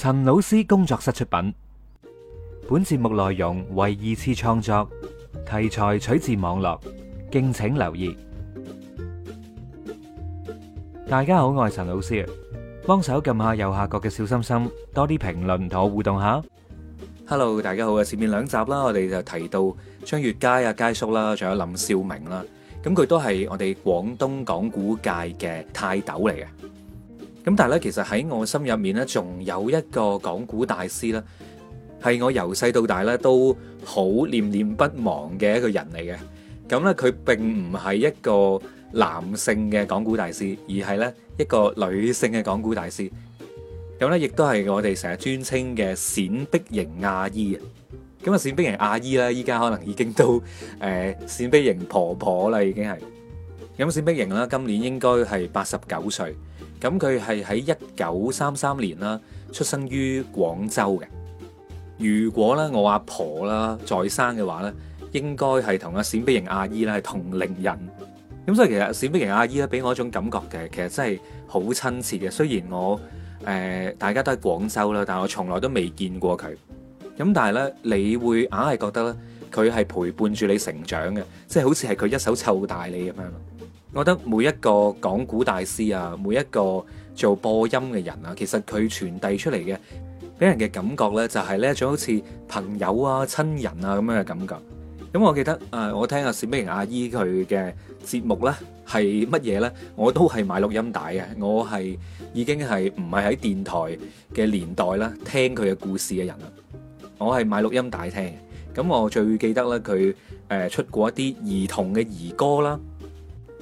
陳老師工作室出品，本節目內容為二次創作，題材取自網絡，敬請留意。大家好，我係陳老師，幫手撳下右下角嘅小心心，多啲評論同我互動下。Hello，大家好啊，前面兩集啦，我哋就提到張悅楷啊、楷叔啦，仲有林兆明啦，咁佢都係我哋廣東講古界嘅泰斗嚟嘅。咁但係咧，其實喺我心入面咧，仲有一個講古大師咧，係我由細到大咧都好念念不忘嘅一個人嚟嘅。咁咧，佢並唔係一個男性嘅講古大師，而係咧一個女性嘅講古大師。咁咧，亦都係我哋成日尊稱嘅冼碧瑩阿姨嘅。咁啊，冼碧瑩阿姨啦，依家可能已經都誒，冼碧瑩婆婆啦，已經係。咁冼碧瑩啦，今年應該係八十九歲。咁佢係喺一九三三年啦，出生於廣州嘅。如果咧我阿婆啦在生嘅話咧，應該係同阿冼碧瑩阿姨咧係同齡人。咁、嗯、所以其實冼碧瑩阿姨咧俾我一種感覺嘅，其實真係好親切嘅。雖然我誒、呃、大家都喺廣州啦，但我從來都未見過佢。咁、嗯、但係咧，你會硬係覺得咧，佢係陪伴住你成長嘅，即係好似係佢一手湊大你咁樣。我覺得每一個講古大師啊，每一個做播音嘅人啊，其實佢傳遞出嚟嘅，俾人嘅感覺呢，就係呢一種好似朋友啊、親人啊咁樣嘅感覺。咁、嗯、我記得啊、呃，我聽阿冼碧瑩阿姨佢嘅節目咧，係乜嘢呢？我都係買錄音帶嘅。我係已經係唔係喺電台嘅年代啦，聽佢嘅故事嘅人啦。我係買錄音帶聽。咁、嗯、我最記得呢，佢誒、呃、出過一啲兒童嘅兒歌啦。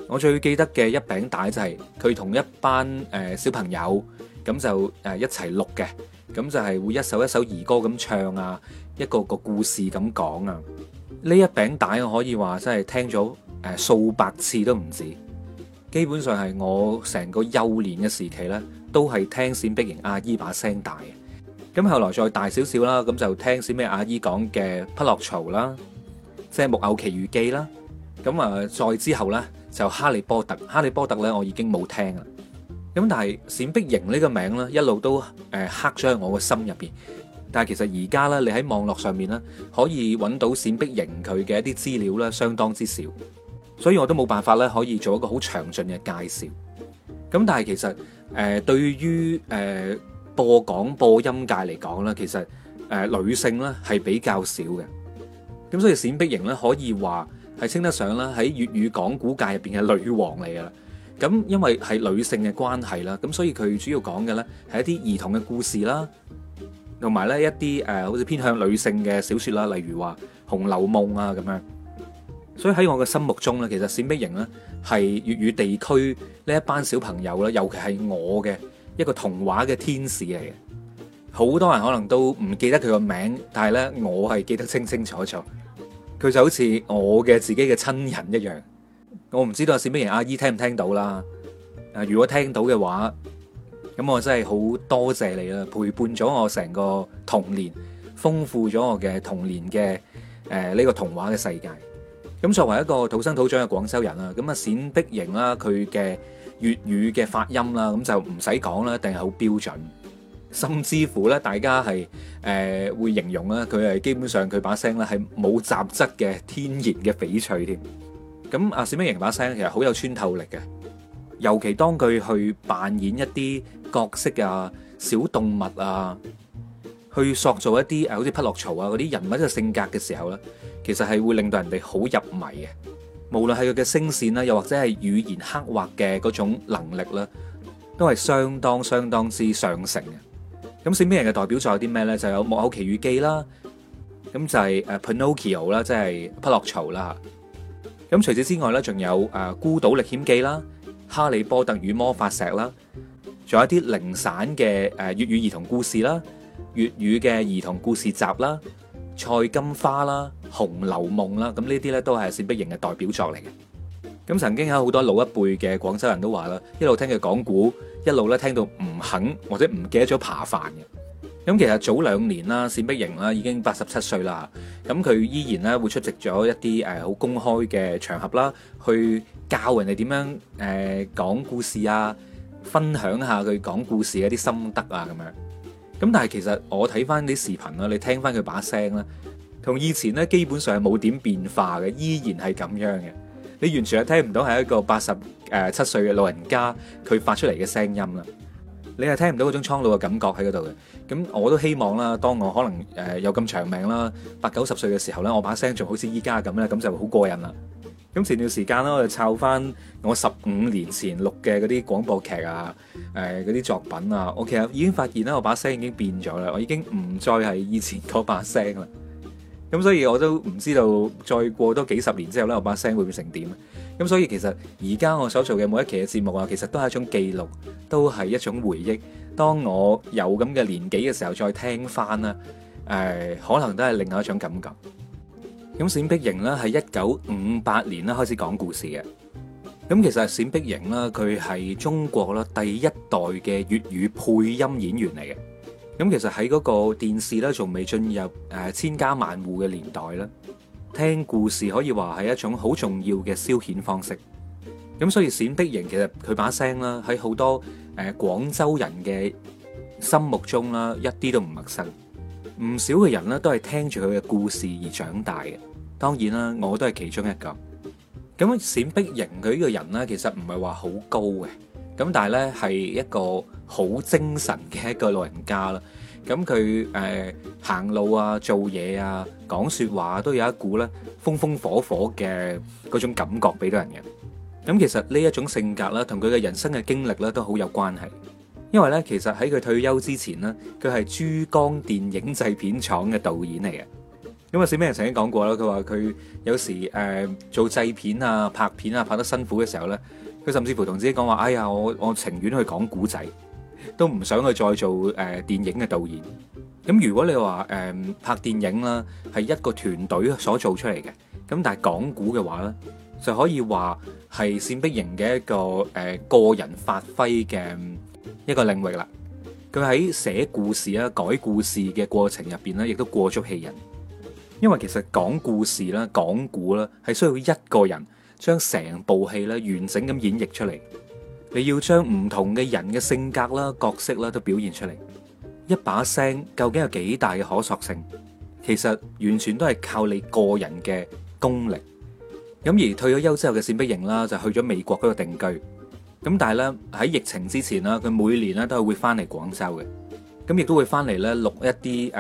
我最記得嘅一餅帶就係佢同一班誒小朋友咁就誒一齊錄嘅，咁就係會一首一首兒歌咁唱啊，一個個故事咁講啊。呢一餅帶我可以話真係聽咗誒數百次都唔止，基本上係我成個幼年嘅時期咧，都係聽冼碧瑩阿姨把聲大嘅。咁後來再大少少啦，咁就聽冼碧阿姨講嘅《匹諾曹》啦，即係《木偶奇遇記》啦。咁啊，再之後咧。就哈利波特，哈利波特咧，我已經冇聽啦。咁但係冼碧瑩呢個名咧，一路都誒刻咗喺我個心入邊。但係其實而家咧，你喺網絡上面咧，可以搵到冼碧瑩佢嘅一啲資料咧，相當之少。所以我都冇辦法咧，可以做一個好詳盡嘅介紹。咁但係其實誒，對於誒播講播音界嚟講咧，其實誒女性咧係比較少嘅。咁所以冼碧瑩咧可以話。係稱得上啦，喺粵語講古界入邊嘅女王嚟噶啦。咁因為係女性嘅關係啦，咁所以佢主要講嘅咧係一啲兒童嘅故事啦，同埋咧一啲誒、呃，好似偏向女性嘅小說啦，例如話《紅樓夢》啊咁樣。所以喺我嘅心目中咧，其實冼碧瑩咧係粵語地區呢一班小朋友啦，尤其係我嘅一個童話嘅天使嚟嘅。好多人可能都唔記得佢個名，但係咧我係記得清清楚楚。佢就好似我嘅自己嘅親人一樣，我唔知道冼碧瑩阿姨聽唔聽到啦。啊，如果聽到嘅話，咁我真係好多謝你啦，陪伴咗我成個童年，豐富咗我嘅童年嘅誒呢個童話嘅世界。咁作為一個土生土長嘅廣州人啦，咁啊冼碧瑩啦，佢嘅粵語嘅發音啦，咁就唔使講啦，一定係好標準。甚至乎咧，大家係誒會形容咧，佢係基本上佢把聲咧係冇雜質嘅天然嘅翡翠添。咁阿冼碧瑩把聲其實好有穿透力嘅，尤其當佢去扮演一啲角色啊、小動物啊，去塑造一啲誒好似匹諾曹啊嗰啲人物嘅性格嘅時候咧，其實係會令到人哋好入迷嘅。無論係佢嘅聲線啦，又或者係語言刻畫嘅嗰種能力啦，都係相當相當之上乘嘅。咁冼碧瑩嘅代表作有啲咩咧？就有《木偶奇遇記》啦，咁就係誒《Pinocchio》啦，即係《匹諾曹》啦。咁除此之外咧，仲有誒《孤島歷險記》啦，《哈利波特與魔法石》啦，仲有一啲零散嘅誒粵語兒童故事啦，粵語嘅兒童故事集啦，《賽金花》啦，《紅樓夢》啦。咁呢啲咧都係冼碧瑩嘅代表作嚟嘅。咁曾經有好多老一輩嘅廣州人都話啦，一路聽佢講古，一路咧聽到唔肯或者唔記得咗扒飯嘅。咁其實早兩年啦，冼碧瑩啦已經八十七歲啦，咁佢依然咧會出席咗一啲誒好公開嘅場合啦，去教人哋點樣誒講、呃、故事啊，分享下佢講故事一啲心得啊咁樣。咁但係其實我睇翻啲視頻啦，你聽翻佢把聲啦，同以前咧基本上係冇點變化嘅，依然係咁樣嘅。你完全係聽唔到係一個八十誒七歲嘅老人家佢發出嚟嘅聲音啦，你係聽唔到嗰種蒼老嘅感覺喺嗰度嘅。咁我都希望啦，當我可能誒有咁長命啦，八九十歲嘅時候咧，我把聲仲好似依家咁咧，咁就好過癮啦。咁前段時間咧，我就抄返我十五年前錄嘅嗰啲廣播劇啊，誒嗰啲作品啊，我其實已經發現咧，我把聲已經變咗啦，我已經唔再係以前嗰把聲啦。咁所以我都唔知道，再過多幾十年之後咧，我把聲會變成點？咁所以其實而家我所做嘅每一期嘅節目啊，其實都係一種記錄，都係一種回憶。當我有咁嘅年紀嘅時候，再聽翻啦，誒、呃，可能都係另外一種感覺。咁冼碧瑩呢，係一九五八年咧開始講故事嘅。咁其實冼碧瑩呢，佢係中國啦第一代嘅粵語配音演員嚟嘅。咁其實喺嗰個電視咧，仲未進入誒千家萬戶嘅年代咧，聽故事可以話係一種好重要嘅消遣方式。咁所以冼碧瑩其實佢把聲啦，喺好多誒廣州人嘅心目中啦，一啲都唔陌生。唔少嘅人呢都係聽住佢嘅故事而長大嘅。當然啦，我都係其中一個。咁冼碧瑩佢呢個人咧，其實唔係話好高嘅。咁但係咧係一個好精神嘅一個老人家啦，咁佢誒行路啊、做嘢啊、講説話、啊、都有一股咧風風火火嘅嗰種感覺俾到人嘅。咁其實呢一種性格啦，同佢嘅人生嘅經歷咧都好有關係。因為咧其實喺佢退休之前咧，佢係珠江電影製片廠嘅導演嚟嘅。咁啊，冼碧瑩曾經講過啦，佢話佢有時誒、呃、做製片啊、拍片啊、拍得辛苦嘅時候咧。佢甚至乎同自己講話，哎呀，我我情願去講古仔，都唔想去再做誒電影嘅導演。咁如果你話誒拍電影啦，係一個團隊所做出嚟嘅。咁但係講古嘅話咧，就可以話係冼碧瑩嘅一個誒個人發揮嘅一個領域啦。佢喺寫故事啊、改故事嘅過程入邊咧，亦都過足戲癮。因為其實講故事啦、講古啦，係需要一個人。將成部戲咧，完整咁演繹出嚟，你要將唔同嘅人嘅性格啦、角色啦都表現出嚟。一把聲究竟有幾大嘅可塑性，其實完全都係靠你個人嘅功力。咁而退咗休之後嘅冼碧瑩啦，就去咗美國嗰度定居。咁但係咧，喺疫情之前啦，佢每年咧都係會翻嚟廣州嘅，咁亦都會翻嚟咧錄一啲誒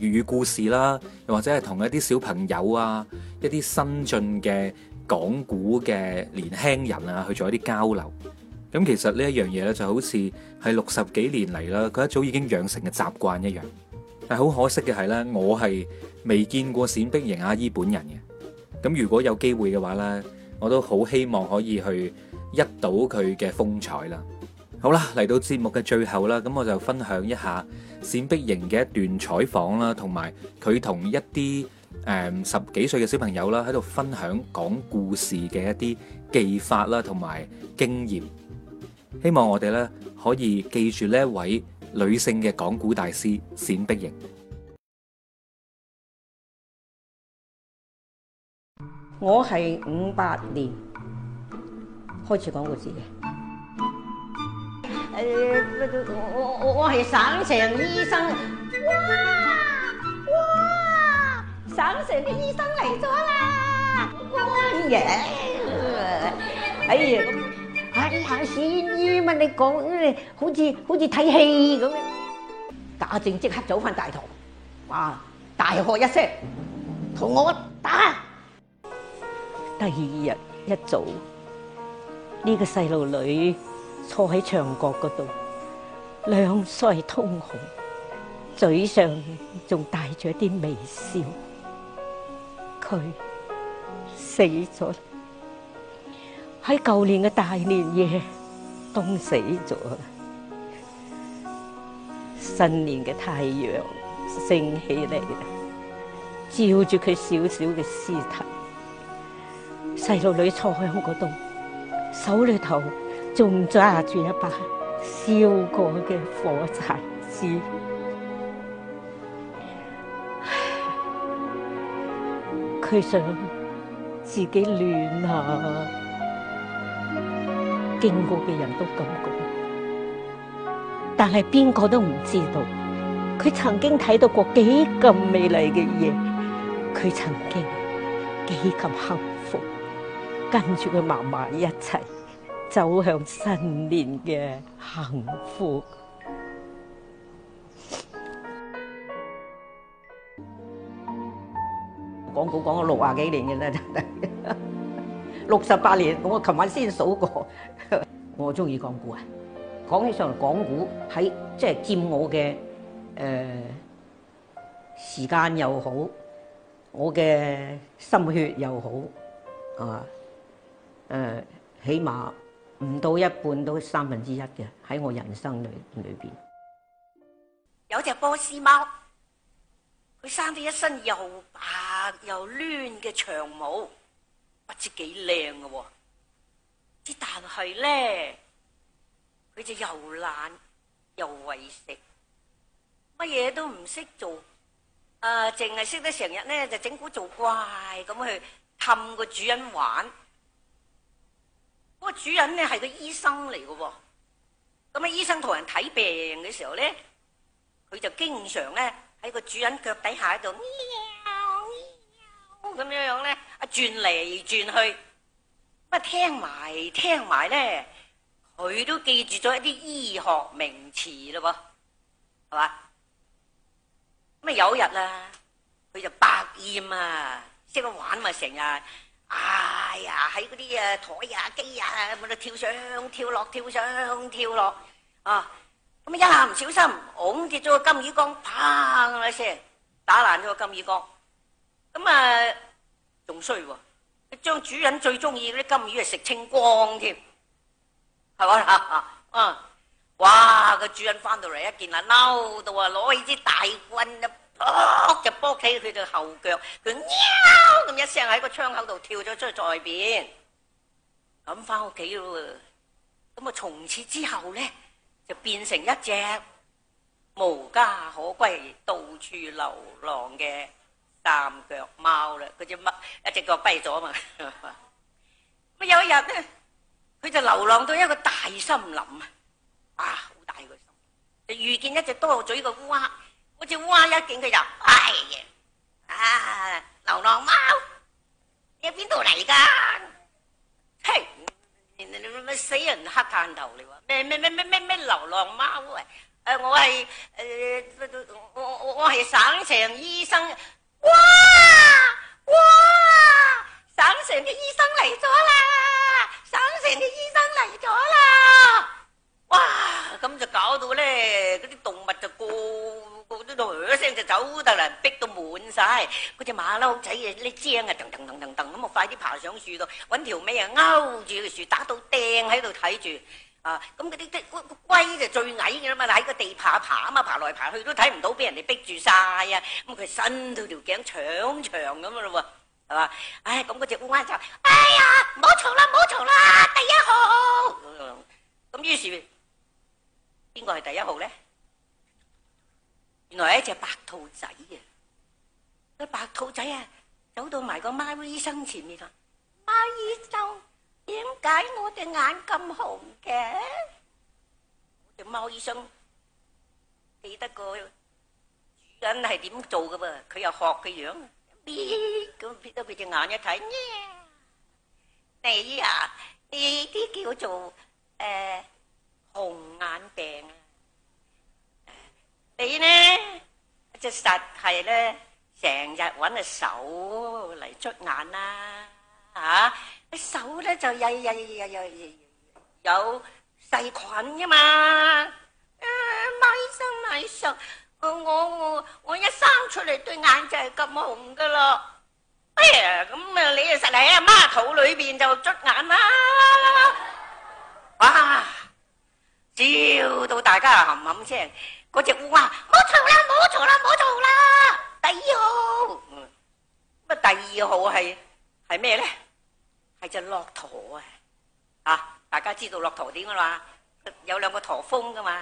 粵語故事啦，又或者係同一啲小朋友啊，一啲新進嘅。講古嘅年輕人啊，去做一啲交流。咁其實呢一樣嘢咧，就好似係六十幾年嚟啦，佢一早已經養成嘅習慣一樣。但係好可惜嘅係咧，我係未見過冼碧瑩阿姨本人嘅。咁如果有機會嘅話咧，我都好希望可以去一睹佢嘅風采啦。好啦，嚟到節目嘅最後啦，咁我就分享一下冼碧瑩嘅一段採訪啦，同埋佢同一啲。誒、um，十幾歲嘅小朋友啦，喺度分享講故事嘅一啲技法啦，同埋經驗。希望我哋咧可以記住呢一位女性嘅講古大師冼碧瑩、呃。我係五八年開始講故事嘅。誒，我我我係省城醫生。省城啲醫生嚟咗啦！哎呀，哎呀咁，喺度問你講咩，好似好似睇戲咁。打正即刻走翻大堂，哇！大喝一聲：同我打！第二日一早，呢個細路女坐喺牆角嗰度，兩腮通紅，嘴上仲帶住一啲微笑。佢死咗，喺舊年嘅大年夜凍死咗。新年嘅太陽升起嚟，照住佢小小嘅屍體。細路女坐喺嗰度，手裏頭仲揸住一把燒過嘅火柴枝。佢想自己亂下，經過嘅人都咁講，但係邊個都唔知道，佢曾經睇到過幾咁美麗嘅嘢，佢曾經幾咁幸福，跟住佢嫲嫲一齊走向新年嘅幸福。古講咗六啊幾年嘅啦，六十八年。我琴晚先數過， 我中意講古啊！講起上嚟，講古喺即係佔我嘅誒、呃、時間又好，我嘅心血又好啊誒、呃，起碼唔到一半都三分之一嘅喺我人生裏裏邊面有隻波斯貓，佢生咗一身油白。啊又攣嘅長毛，不知幾靚嘅喎。但係咧，佢就又懶又為食，乜嘢都唔識做，啊、呃，淨係識得成日呢就整蠱做怪咁去氹個主人玩。嗰、那個主人呢係個醫生嚟嘅喎，咁、哦、啊、那個、醫生同人睇病嘅時候咧，佢就經常咧喺個主人腳底下喺度。咁樣樣咧，啊，轉嚟轉去，咁啊聽埋聽埋咧，佢都記住咗一啲醫學名詞咯噃，係嘛？咁啊有一日啊，佢就百厭啊，識玩嘛成日，哎呀喺嗰啲啊台啊機啊，咁啊跳上跳落跳上跳落啊，咁啊一下唔小心，㧬跌咗個金魚缸，砰一聲打爛咗個金魚缸，咁啊～仲衰喎！將主人最中意嗰啲金魚，係食清光添，係嘛？嗯、啊啊，哇！個主人翻到嚟一見啦，嬲到啊，攞起支大棍一撲就卜起佢對後腳，佢喵咁一聲喺個窗口度跳咗出去外邊，咁翻屋企咯。咁啊，從此之後呢，就變成一隻無家可歸、到處流浪嘅。三腳貓啦，嗰隻乜一隻腳跛咗嘛？咁有一日呢，佢就流浪到一個大森林，啊，好大個森林，就遇見一隻多嘴嘅烏鴉。嗰隻烏鴉一見佢就，哎呀啊，流浪貓，你喺邊度嚟㗎？嘿，你你你，你死人黑炭頭嚟喎！咩咩咩咩咩流浪貓喂？誒、呃、我係誒、呃、我我我係省城醫生。哇哇！省城嘅醫生嚟咗啦，省城嘅醫生嚟咗啦！哇，咁就搞到咧，嗰啲動物就過過啲度，一聲就走得嚟，逼到滿晒。嗰隻馬騮仔啊，呢精啊，噔噔噔噔噔咁啊，快啲爬上樹度，揾條尾啊勾住個樹，打到釘喺度睇住。啊，咁嗰啲龜龜就最矮嘅啦嘛，喺個地爬爬啊嘛，爬來爬去都睇唔到，俾人哋逼住晒啊！咁佢伸到條頸長長咁咯喎，係嘛？唉，咁嗰隻烏鴉就，哎呀，唔好嘈啦，唔好嘈啦，第一號。咁於是邊個係第一號呢？原來係一隻白兔仔啊！個白兔仔啊，走到埋個貓醫生前面啦，貓醫生。點解我隻眼咁紅嘅？隻貓醫生睇得個主人係點做嘅噃？佢又學佢樣，撇咁撇得佢隻眼一睇，你啊，呢啲叫做誒紅眼病啊！你咧隻實係咧成日搵隻手嚟捽眼啦，吓！手咧就有有有有有有細菌噶嘛，啊！咪生咪熟，我我我我一生出嚟對眼就係咁紅噶咯。哎呀，咁啊你實係喺阿媽肚裏邊就捽眼啦！哇，照到大家喊喊聲，嗰隻烏鴉冇嘈啦，冇嘈啦，冇嘈啦，第二號。嗯，咁啊第二號係係咩呢？隻駱駝啊，吓大家知道駱駝點噶嘛？有兩個駝峰噶嘛？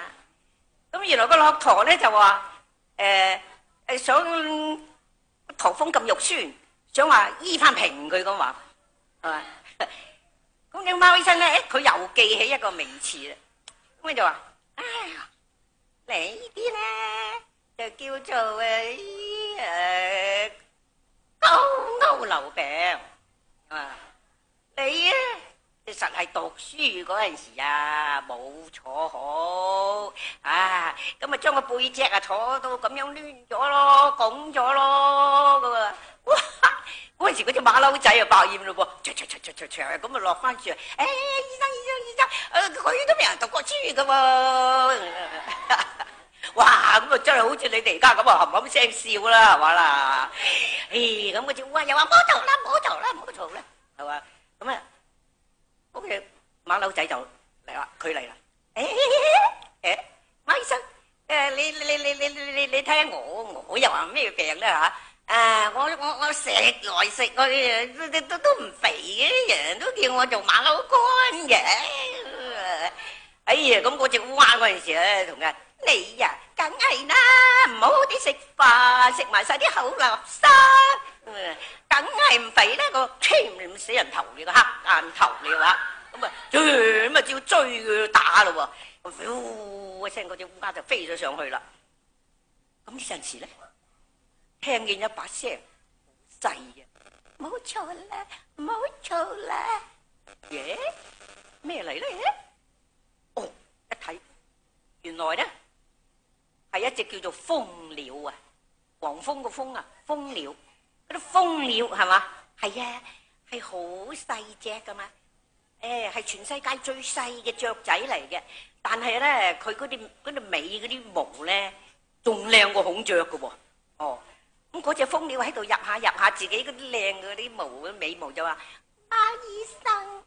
咁原來個駱駝咧就話誒誒想駝峰咁肉酸，想話醫翻平佢咁話係嘛？咁樣貓醫生咧，佢又記起一個名詞啦，咁佢就話：哎呀，你呢啲咧就叫做誒誒高尿流病，係嘛？你啊，你實係讀書嗰陣時啊，冇坐好，啊咁啊將個背脊啊坐到咁樣攣咗咯，拱咗咯，噶喎！哇，嗰陣時嗰隻馬騮仔啊，爆厭咯噃，咁啊落翻住。嚟，誒，醫生醫生醫生，佢、呃、都未人讀過書噶喎、啊！哇，咁啊真係好似你哋而家咁啊，冚聲笑啦，係嘛啦？誒、哎，咁嗰隻烏又話唔好嘈啦，唔好嘈啦，唔好嘈啦，係嘛？咁啊，屋企馬騮仔就嚟啦，佢嚟啦，誒誒誒，誒，馬醫生，誒你你你你你你你睇下我我又話咩病啦嚇，誒我我我食來食去都都都都唔肥嘅，人人都叫我做馬騮乾嘅，哎呀咁嗰隻蛙嗰陣時咧，同人你呀梗係啦，唔好好啲食飯，食埋曬啲好垃圾。梗係唔肥，呢個黐唔、那個、死人頭你，你、那個黑眼頭你話，咁啊咁啊照追佢打咯，一聲，嗰隻烏鴉就飛咗上去啦。咁呢陣時呢，聽見一把聲好細嘅，冇錯啦，冇錯啦，耶？咩嚟呢？哦，一睇原來呢，係一隻叫做蜂鳥啊，黃蜂個蜂啊，蜂鳥。嗰啲蜂鳥係嘛？係啊，係好細隻噶嘛？誒，係全世界最細嘅雀仔嚟嘅。但係咧，佢嗰啲嗰隻尾嗰啲毛咧，仲靚過孔雀噶喎。哦，咁嗰隻蜂鳥喺度入下入下，自己嗰啲靚嗰啲毛嗰啲尾毛就話：，貓、啊、醫生，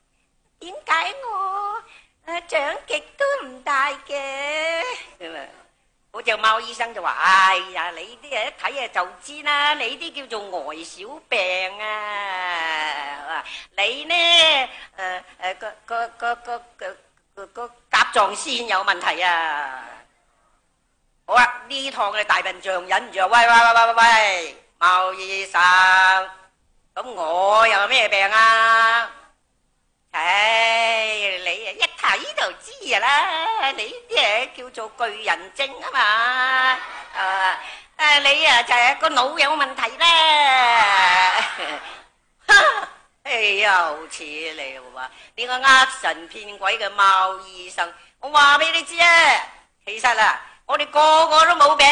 點解我誒、啊、長極都唔大嘅？嗰隻貓醫生就話：哎呀，你啲啊一睇啊就知啦，你啲叫做呆小病啊，你呢？誒誒個個個個個個甲狀腺有問題啊！好啊，呢趟嘅大笨象忍唔住，喂喂喂喂喂喂，貓醫生，咁我又係咩病啊？唉、哎，你啊一睇就知啊啦，你啲嘢叫做巨人症啊嘛！啊，誒、啊、你啊就係、是、個腦有問題啦，又 似、哎、你話你個呃神騙鬼嘅貓醫生，我話俾你知啊，其實啊，我哋個個都冇病，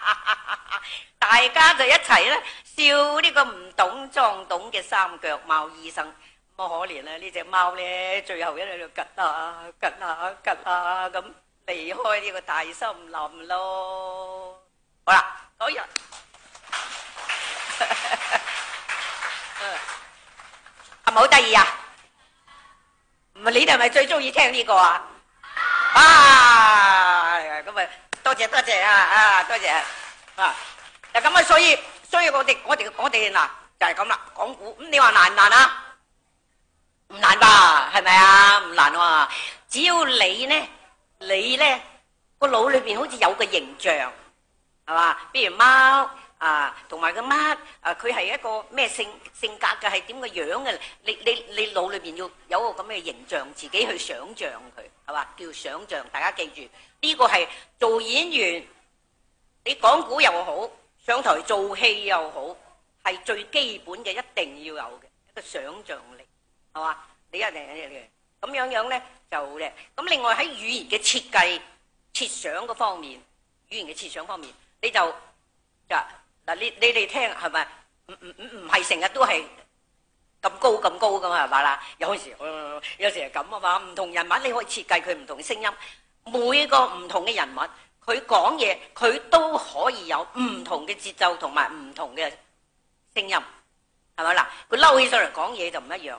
大家就一齊咧，笑呢個唔懂裝懂嘅三腳貓醫生。咁可憐啦！呢隻貓咧，最後喺度吉啊吉啊吉啊咁離開呢個大森林咯。好啦，今日，嗯，係咪好得意啊？唔係你哋係咪最中意聽呢個啊？啊！咁啊，多謝多謝啊啊，多謝啊！就咁啊，所以所以我哋我哋我哋嗱就係咁啦。講古咁你話難唔難啊？唔難吧？係咪啊？唔難喎。只要你咧，你咧個腦裏邊好似有個形象，係嘛？比如貓啊，同埋個乜啊，佢係一個咩性性格嘅，係點嘅樣嘅？你你你腦裏邊要有個咁嘅形象，自己去想象佢，係嘛？叫想象，大家記住呢個係做演員，你講古又好，上台做戲又好，係最基本嘅，一定要有嘅一個想象力。係嘛？你一定咁樣樣咧，就咧。咁另外喺語言嘅設計、設想嘅方面，語言嘅設想方面，你就嗱嗱你你哋聽係咪？唔唔唔唔係成日都係咁高咁高噶嘛？係咪啦？有陣時，有陣時係咁啊嘛。唔同人物你可以設計佢唔同嘅聲音。每個唔同嘅人物，佢講嘢，佢都可以有唔同嘅節奏同埋唔同嘅聲音，係咪啊？嗱，佢嬲起上嚟講嘢就唔一樣。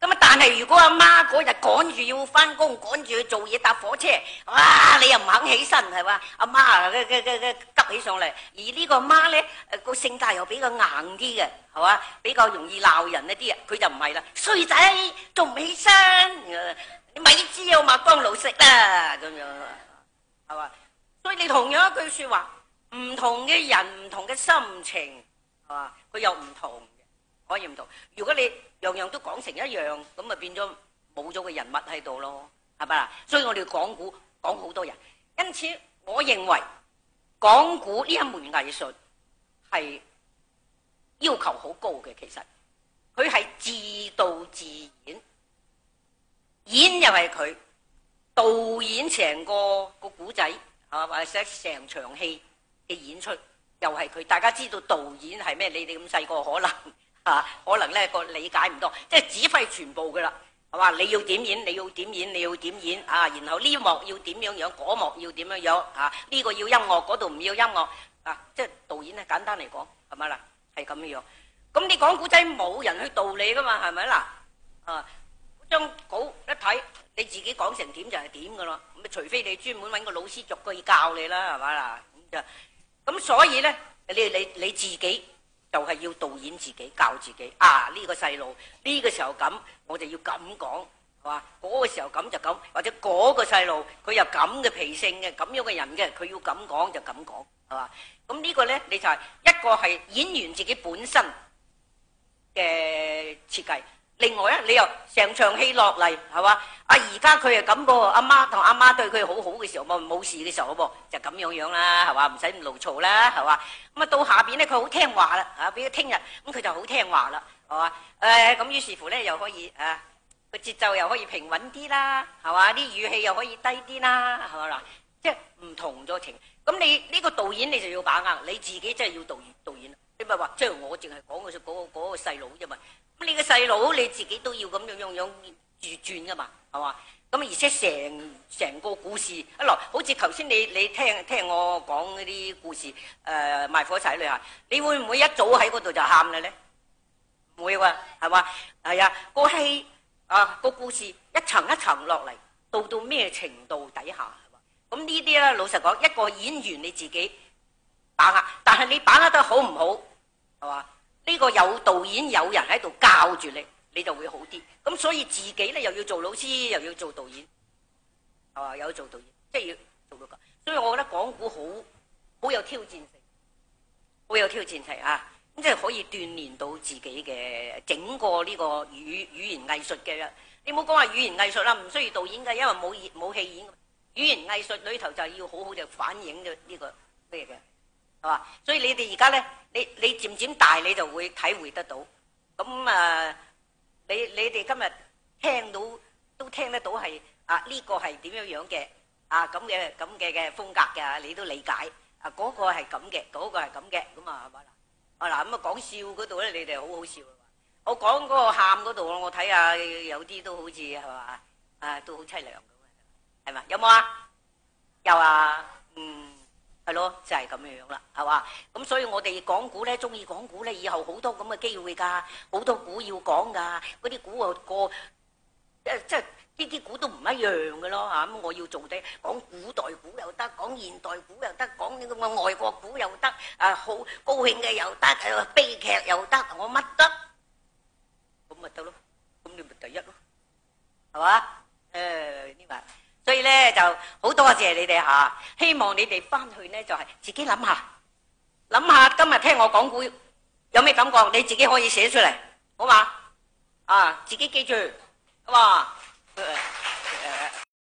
咁啊！但係如果阿媽嗰日趕住要翻工，趕住去做嘢，搭火車，哇、啊！你又唔肯起身，係嘛？阿媽急起上嚟。而呢個媽呢，個性格又比較硬啲嘅，係嘛？比較容易鬧人一啲啊。佢就唔係啦，衰仔，仲唔起身？你咪知有麥當勞食啦咁樣，係嘛？所以你同樣一句說話，唔同嘅人，唔同嘅心情，係嘛？佢又唔同，可以唔同。如果你，樣樣都講成一樣，咁咪變咗冇咗個人物喺度咯，係咪啊？所以我哋講古講好多人，因此我認為講古呢一門藝術係要求好高嘅。其實佢係自導自演，演又係佢導演成個個古仔，吓或者成場戲嘅演出又係佢。大家知道導演係咩？你哋咁細個可能？啊，可能呢個理解唔多，即係指揮全部噶啦，係嘛？你要點演，你要點演，你要點演啊！然後呢幕要點樣樣，嗰幕要點樣樣啊？呢個要音樂，嗰度唔要音樂啊！即係導演咧，簡單嚟講係咪啦？係咁樣，咁你講古仔冇人去道理噶嘛？係咪啦？啊，張稿一睇，你自己講成點就係點噶咯。咁啊，除非你專門搵個老師逐句教你啦，係咪啦？咁所以呢，你你你，你自己。就係要導演自己教自己啊！呢個細路呢個時候咁，我就要咁講，係嘛？嗰個時候咁就咁，或者嗰個細路佢又咁嘅脾性嘅，咁樣嘅人嘅，佢要咁講就咁講，係嘛？咁呢個呢，你就係一個係演員自己本身嘅設計。另外咧，你又成場戲落嚟，係嘛？啊，而家佢感覺，阿媽同阿媽對佢好好嘅時候，冇冇事嘅時候，就咁、是、樣樣啦，係嘛？唔使咁勞嘈啦，係嘛？咁啊，到下邊咧，佢好聽話啦，啊，畀佢聽日，咁佢就好聽話啦，係嘛？誒、呃，咁於是乎咧，又可以啊，個節奏又可以平穩啲啦，係嘛？啲語氣又可以低啲啦，係咪啦？即係唔同咗情，咁你呢、個導演你就要把握，你自己真係要導導演。你咪話，即係我淨係講嗰個嗰、嗰個細佬啫嘛。咁你個細佬你自己都要咁樣樣樣自轉噶嘛，係嘛？咁而且成成個故事一來，好似頭先你你聽聽我講嗰啲故事，誒、呃，賣火柴嘅女你會唔會一早喺嗰度就喊嘅咧？唔會話，係嘛？係啊，個戲啊,戲啊、個故事一層一層落嚟，到到咩程度底下？咁呢啲咧，老實講，一個演員你自己把握，但係你把握得好唔好？係嘛？呢個有導演，有人喺度教住你，你就會好啲。咁所以自己咧又要做老師，又要做導演，係嘛？有做導演，即係要做導演。所以我覺得講古好好有挑戰性，好有挑戰性啊！咁即係可以鍛煉到自己嘅整個呢個語語言藝術嘅。你唔好講話語言藝術啦，唔需要導演嘅，因為冇演冇戲演。語言藝術裏頭就要好好就反映咗呢個咩嘅。係嘛？所以你哋而家咧，你你漸漸大，你就會體會得到。咁啊，你你哋今日聽到都聽得到係啊，呢個係點樣樣嘅啊，咁嘅咁嘅嘅風格嘅，你都理解啊，嗰個係咁嘅，嗰個係咁嘅，咁啊係嘛啦啊，嗱，咁啊講笑嗰度咧，你哋好好笑。我講嗰個喊嗰度，我睇下有啲都好似係嘛啊，都好淒涼嘅，係嘛？有冇啊？有啊！係咯，就係咁樣樣啦，係嘛？咁所以我哋講古咧，中意講古咧，以後好多咁嘅機會噶，好多古要講噶，嗰啲古啊個，即即呢啲古都唔一樣嘅咯，吓咁我要做啲講古代古又得，講現代古又得，講呢咁嘅外國古又得，啊好高興嘅又得，誒悲劇又得，我乜得，咁咪得咯，咁你咪第一咯，係嘛？誒，呢位。所以咧，就好多謝你哋吓，希望你哋翻去呢，就係自己諗下，諗下今日聽我講古有咩感覺，你自己可以寫出嚟，好嘛？啊，自己記住，好嘛？